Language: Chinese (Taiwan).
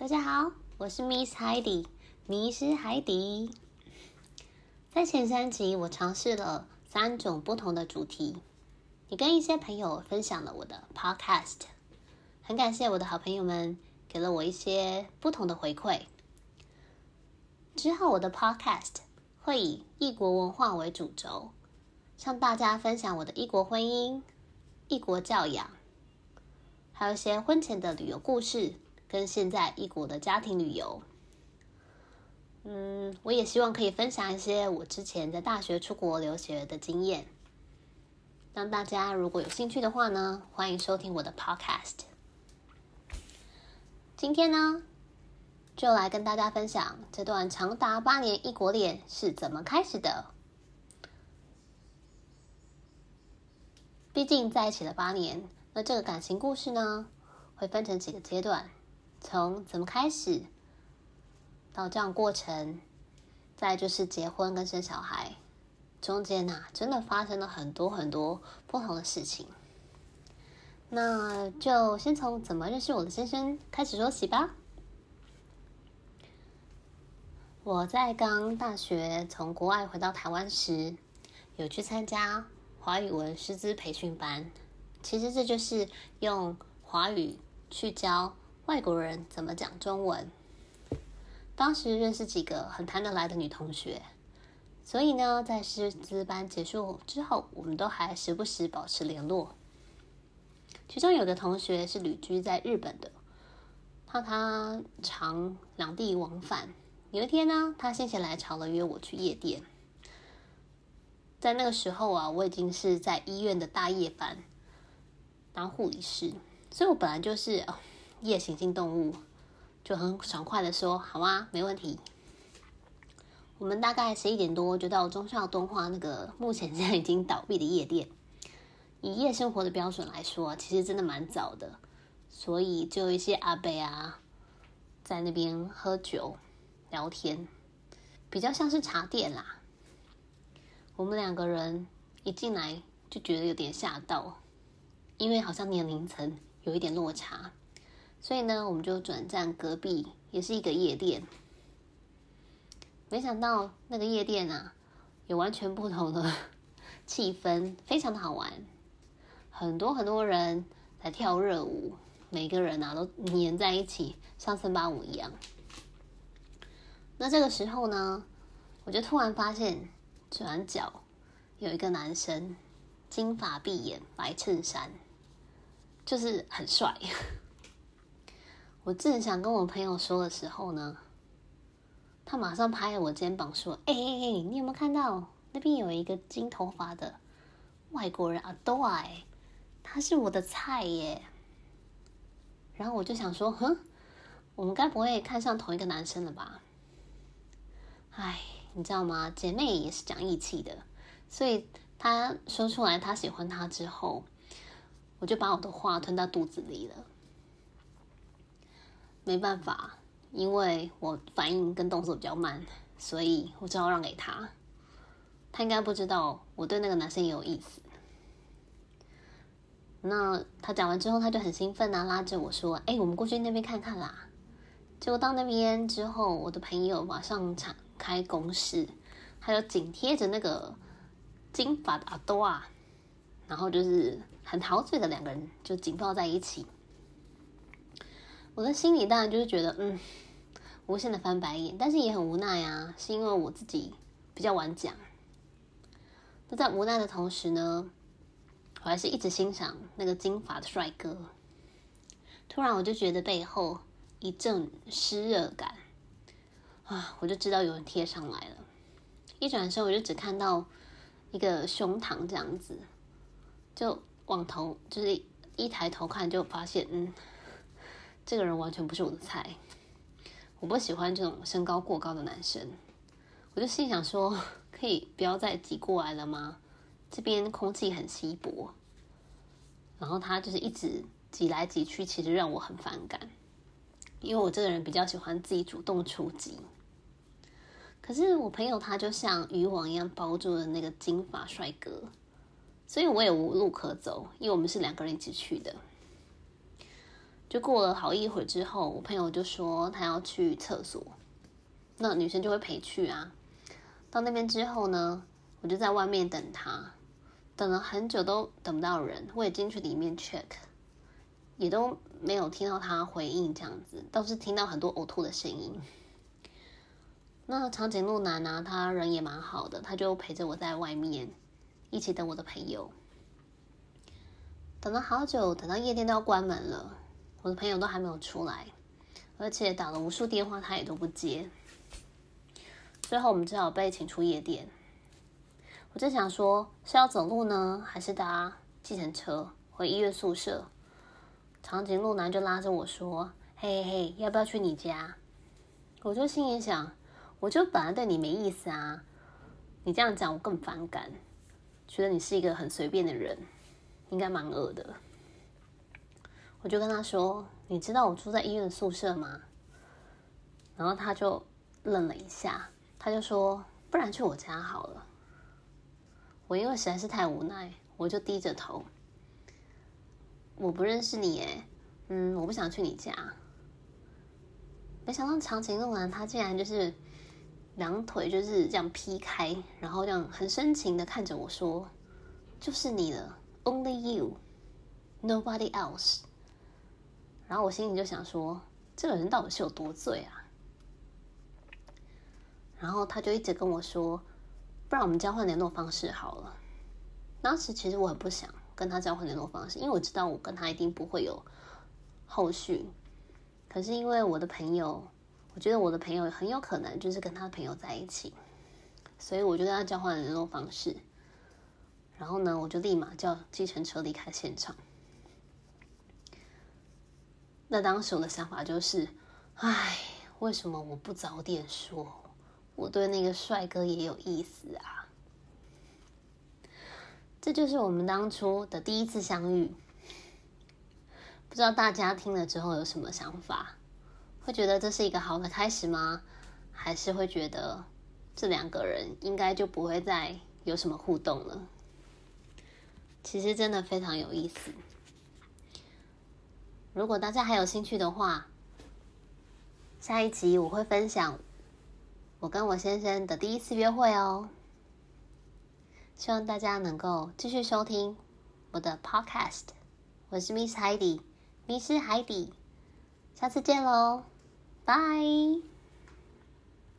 大家好，我是 Miss Heidi，迷失海底。在前三集，我嘗試了三種不同的主題。你跟一些朋友分享了我的 podcast，很感謝我的好朋友們給了我一些不同的回饋。之後，我的 podcast 會以異國文化為主軸，向大家分享我的異國婚姻、異國教養，還有一些婚前的旅遊故事。跟現在異國的家庭旅遊，嗯，我也希望可以分享一些我之前在大學出國留學的經驗。當大家如果有興趣的話呢，歡迎收聽我的 podcast。今天呢，就來跟大家分享這段長達八年異國戀是怎麼開始的。畢竟在一起了八年，那這個感情故事呢，會分成幾個階段。從怎麼開始，到這樣的過程，再就是結婚跟生小孩，中間啊，真的發生了很多很多不同的事情。那就先從怎麼認識我的先生開始說起吧。我在剛大學從國外回到台灣時，有去參加華語文師資培訓班，其實這就是用華語去教。外國人怎麼講中文？當時認識幾個很談得來的女同學，所以呢，在師資班結束之後，我們都還時不時保持聯絡。其中有個同學是旅居在日本的，怕他常兩地往返，有一天呢，他心血來潮了，約我去夜店。在那個時候啊，我已經是在醫院的大夜班當護理師，所以我本來就是。哦夜行性動物就很爽快的說：“好啊，沒問題。”我們大概十一點多就到忠孝敦化那個目前現在已經倒閉的夜店。以夜生活的標準來說，其實真的蠻早的，所以就有一些阿伯啊在那邊喝酒聊天，比較像是茶店啦。我們兩個人一進來就覺得有點嚇到，因為好像年齡層有一點落差。所以呢，我們就轉戰隔壁，也是一個夜店。沒想到那個夜店啊，有完全不同的氣氛，非常的好玩。很多很多人在跳熱舞，每個人啊都黏在一起，像森巴舞一樣。那這個時候呢，我就突然發現轉角有一個男生，金髮碧眼，白襯衫，就是很帥。我正想跟我朋友說的時候呢，他馬上拍我肩膀說：“誒誒誒，你有沒有看到那邊有一個金頭髮的外國人啊？對，他是我的菜耶。”然後我就想說：“哼，我們該不會看上同一個男生了吧？”哎，你知道嗎？姐妹也是講義氣的，所以他說出來他喜歡他之後，我就把我的話吞到肚子裡了。沒辦法，因為我反應跟動作比較慢，所以我只好讓給他。他應該不知道我對那個男生也有意思。那他講完之後，他就很興奮啊，拉着我說：“哎、欸，我們過去那邊看看啦。”結果到那邊之後，我的朋友馬上敞開攻勢，他就緊貼着那個金髮的阿多啊，然後就是很陶醉的兩個人就緊抱在一起。我的心裡當然就是覺得，嗯，無限的翻白眼，但是也很無奈啊。是因為我自己比較晚講。那在無奈的同時呢，我還是一直欣賞那個金髮的帥哥。突然我就覺得背後一陣濕熱感，啊，我就知道有人貼上來了。一轉身我就只看到一個胸膛這樣子，就往頭就是一抬頭看就發現，嗯。這個人完全不是我的菜，我不喜歡這種身高過高的男生。我就心想說，可以不要再擠過來了嗎？這邊空氣很稀薄，然後他就是一直擠來擠去，其實讓我很反感，因為我這個人比較喜歡自己主動出擊。可是我朋友他就像漁網一樣包住了那個金髮帥哥，所以我也無路可走，因為我們是兩個人一起去的。就過了好一會之後，我朋友就說他要去廁所，那女生就會陪去啊。到那邊之後呢，我就在外面等他，等了很久都等不到人，我也進去裡面 check，也都沒有聽到他回應，這樣子倒是聽到很多嘔吐的聲音。那長頸鹿男呢，啊，他人也蠻好的，他就陪着我在外面一起等我的朋友，等了好久，等到夜店都要關門了。我的朋友都還沒有出來，而且打了無數電話，他也都不接。最後我們只好被請出夜店。我正想說是要走路呢，還是搭計程車回醫院宿舍？長頸鹿男就拉着我說：“嘿嘿嘿，要不要去你家？”我就心裡想：我就本來對你沒意思啊，你這樣講我更反感，覺得你是一個很隨便的人，應該蠻惡的。我就跟他說：“你知道我住在醫院的宿舍嗎？”然後他就愣了一下，他就說：“不然去我家好了。”我因為實在是太無奈，我就低着頭。我不認識你誒、欸、嗯，我不想去你家。沒想到長情弄完，他竟然就是兩腿就是這樣劈開，然後這樣很深情的看着我說：“就是你了，only you，nobody else。”然後我心裡就想說，這個人到底是有多醉啊？然後他就一直跟我說，不然我們交換聯絡方式好了。當時其實我很不想跟他交換聯絡方式，因為我知道我跟他一定不會有後續。可是因為我的朋友，我覺得我的朋友很有可能就是跟他的朋友在一起，所以我就跟他交換聯絡方式。然後呢，我就立馬叫計程車離開現場。那當時我的想法就是，唉，為什麼我不早點說？我對那個帥哥也有意思啊。這就是我們當初的第一次相遇。不知道大家聽了之後有什麼想法？會覺得這是一個好的開始嗎？還是會覺得這兩個人應該就不會再有什麼互動了？其實真的非常有意思。如果大家還有興趣的話，下一集我會分享我跟我先生的第一次約會哦。希望大家能夠繼續收聽我的 podcast。我是 Miss Heidi，Miss Heidi。下次見嘍，拜拜。